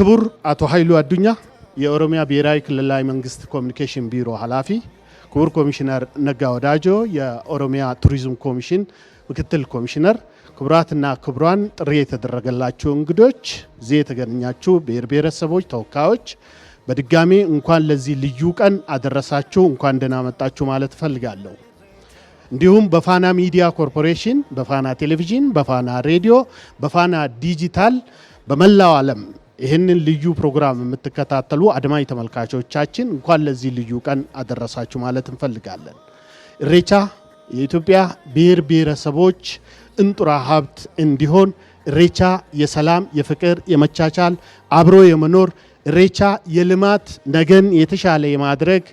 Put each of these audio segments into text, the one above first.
ክቡር አቶ ኃይሉ አዱኛ የኦሮሚያ ብሔራዊ ክልላዊ መንግስት ኮሚኒኬሽን ቢሮ ኃላፊ፣ ክቡር ኮሚሽነር ነጋ ወዳጆ የኦሮሚያ ቱሪዝም ኮሚሽን ምክትል ኮሚሽነር፣ ክቡራትና ክቡራን ጥሪ የተደረገላችሁ እንግዶች፣ እዚህ የተገኛችሁ ብሔር ብሔረሰቦች ተወካዮች በድጋሚ እንኳን ለዚህ ልዩ ቀን አደረሳችሁ፣ እንኳን ደህና መጣችሁ ማለት እፈልጋለሁ። እንዲሁም በፋና ሚዲያ ኮርፖሬሽን፣ በፋና ቴሌቪዥን፣ በፋና ሬዲዮ፣ በፋና ዲጂታል በመላው ዓለም ይህንን ልዩ ፕሮግራም የምትከታተሉ አድማጭ ተመልካቾቻችን እንኳን ለዚህ ልዩ ቀን አደረሳችሁ ማለት እንፈልጋለን። እሬቻ የኢትዮጵያ ብሔር ብሔረሰቦች እንጡራ ሀብት እንዲሆን እሬቻ የሰላም፣ የፍቅር፣ የመቻቻል አብሮ የመኖር እሬቻ የልማት ነገን የተሻለ የማድረግ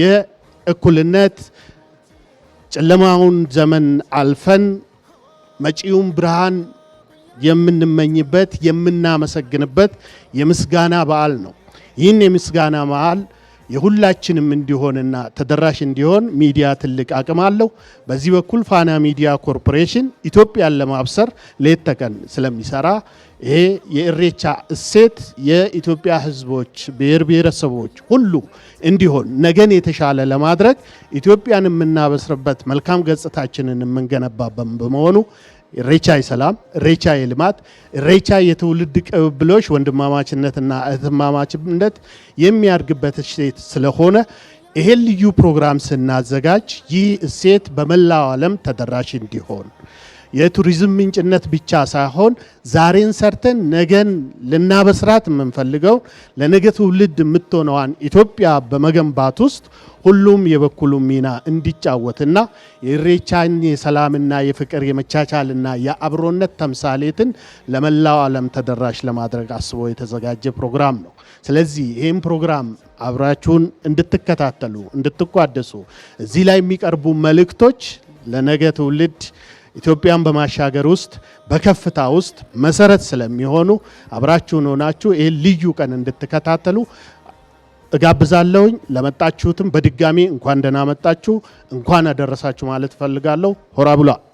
የእኩልነት ጨለማውን ዘመን አልፈን መጪውን ብርሃን የምንመኝበት የምናመሰግንበት የምስጋና በዓል ነው። ይህን የምስጋና በዓል የሁላችንም እንዲሆንና ተደራሽ እንዲሆን ሚዲያ ትልቅ አቅም አለው። በዚህ በኩል ፋና ሚዲያ ኮርፖሬሽን ኢትዮጵያን ለማብሰር ሌት ተቀን ስለሚሰራ ይሄ የእሬቻ እሴት የኢትዮጵያ ሕዝቦች ብሔር ብሔረሰቦች ሁሉ እንዲሆን ነገን የተሻለ ለማድረግ ኢትዮጵያን የምናበስርበት መልካም ገጽታችንን የምንገነባበን በመሆኑ ኢሬቻ የሰላም ኢሬቻ የልማት ኢሬቻ የትውልድ ቅብብሎች ወንድማማችነትና እህትማማችነት የሚያድግበት እሴት ስለሆነ ይሄን ልዩ ፕሮግራም ስናዘጋጅ ይህ እሴት በመላው ዓለም ተደራሽ እንዲሆን የቱሪዝም ምንጭነት ብቻ ሳይሆን ዛሬን ሰርተን ነገን ልናበስራት የምንፈልገው ለነገ ትውልድ የምትሆነዋን ኢትዮጵያ በመገንባት ውስጥ ሁሉም የበኩሉ ሚና እንዲጫወትና የኢሬቻን የሰላምና የፍቅር የመቻቻልና የአብሮነት ተምሳሌትን ለመላው ዓለም ተደራሽ ለማድረግ አስቦ የተዘጋጀ ፕሮግራም ነው። ስለዚህ ይህም ፕሮግራም አብራችሁን እንድትከታተሉ እንድትቋደሱ፣ እዚህ ላይ የሚቀርቡ መልእክቶች ለነገ ትውልድ ኢትዮጵያን በማሻገር ውስጥ በከፍታ ውስጥ መሰረት ስለሚሆኑ አብራችሁን ሆናችሁ ይህን ልዩ ቀን እንድትከታተሉ እጋብዛለሁኝ። ለመጣችሁትም በድጋሚ እንኳን ደህና መጣችሁ፣ እንኳን አደረሳችሁ ማለት እፈልጋለሁ። ሆራ ብሏል።